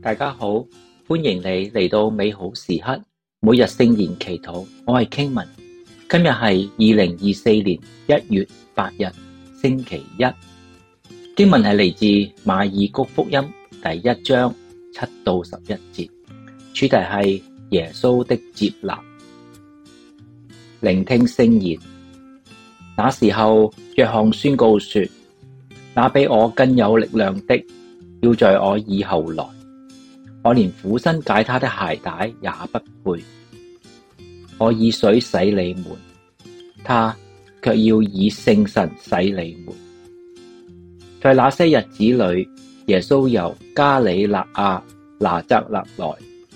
大家好，歡迎你嚟到美好時刻，每日聖言祈禱。我係傾文，今日係二零二四年一月八日星期一。經文係嚟自馬爾谷福音第一章七到十一節，主題係耶穌的接納。聆聽聖言，那時候，若翰宣告說：「那比我更有力量的，要在我以後來。我連俯身解他的鞋帶也不配。我以水洗你們，他卻要以聖神洗你們。在那些日子裏，耶穌由加里肋亞納匝肋來，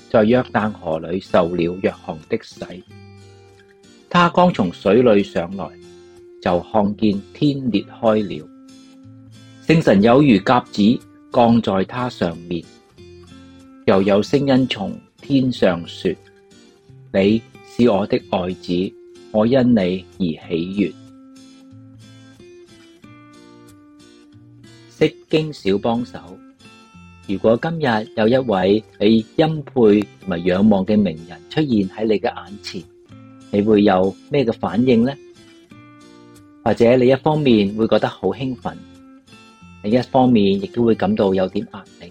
在約但河裏受了若翰的洗。他剛從水裏上來，就看見天裂開了，聖神有如鴿子降在他上面。又有聲音從天上說：你是我的愛子，我因你而喜悅。釋經小幫手，如果今日有一位你欽佩同埋仰望嘅名人出現喺你嘅眼前，你會有咩嘅反應呢？或者你一方面會覺得好興奮，另一方面亦都會感到有點壓力。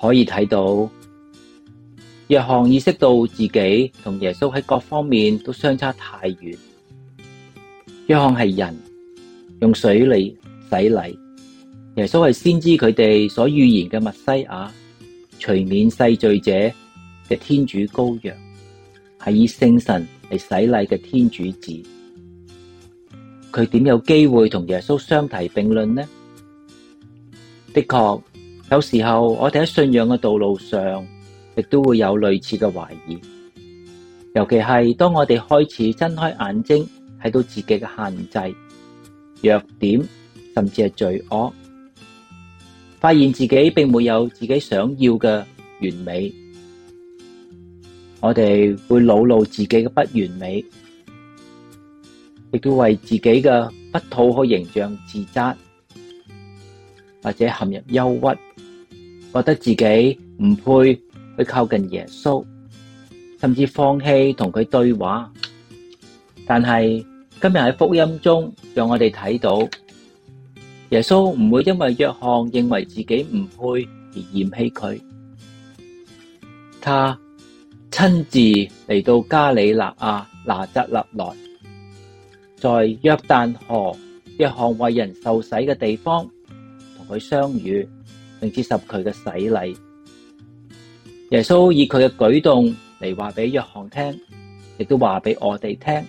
可以睇到若翰意識到自己同耶穌喺各方面都相差太遠。若翰係人，用水嚟洗禮，耶穌係先知佢哋所預言嘅默西亞，除免世罪者嘅天主羔羊，係以聖神嚟洗禮嘅天主子，佢點有機會同耶穌相提並論呢？的確。有時候我哋喺信仰嘅道路上，亦都會有類似嘅懷疑。尤其係當我哋開始睜開眼睛睇到自己嘅限制、弱點，甚至係罪惡，發現自己並沒有自己想要嘅完美，我哋會懊惱自己嘅不完美，亦都為自己嘅不討好形象自責，或者陷入憂鬱。覺得自己唔配去靠近耶穌，甚至放棄同佢對話。但係今日喺福音中，讓我哋睇到耶穌唔會因為若翰認為自己唔配而嫌棄佢，他親自嚟到加里肋亞．納匝肋來，在約旦河若翰為人受洗嘅地方，同佢相遇。並接受佢嘅洗禮。耶穌以佢嘅舉動嚟話俾約翰聽，亦都話俾我哋聽，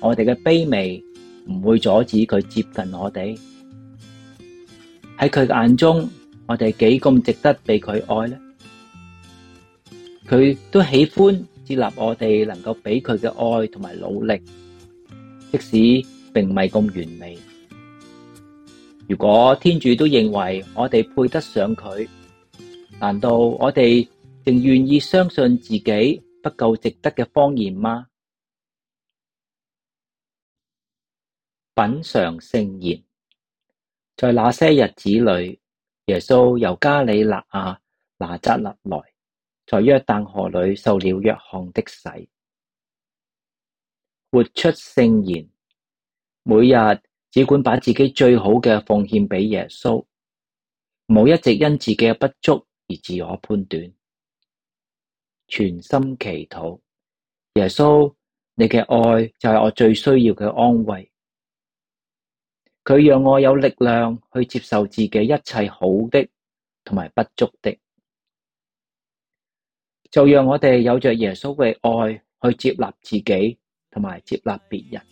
我哋嘅卑微唔會阻止佢接近我哋。喺佢嘅眼中，我哋幾咁值得被佢愛呢？佢都喜歡接納我哋能夠俾佢嘅愛同埋努力，即使並唔係咁完美。如果天主都認為我哋配得上佢，難道我哋仍願意相信自己不夠值得嘅謊言嗎？品嚐聖言，在那些日子裏，耶穌由加里肋亞．納匝肋來，在約但河裏受了若翰的洗，活出聖言，每日。只管把自己最好嘅奉獻俾耶穌，冇一直因自己嘅不足而自我判斷，全心祈禱。耶穌，你嘅愛就係我最需要嘅安慰。佢讓我有力量去接受自己一切好的同埋不足的，就讓我哋有着耶穌嘅愛去接納自己同埋接納別人。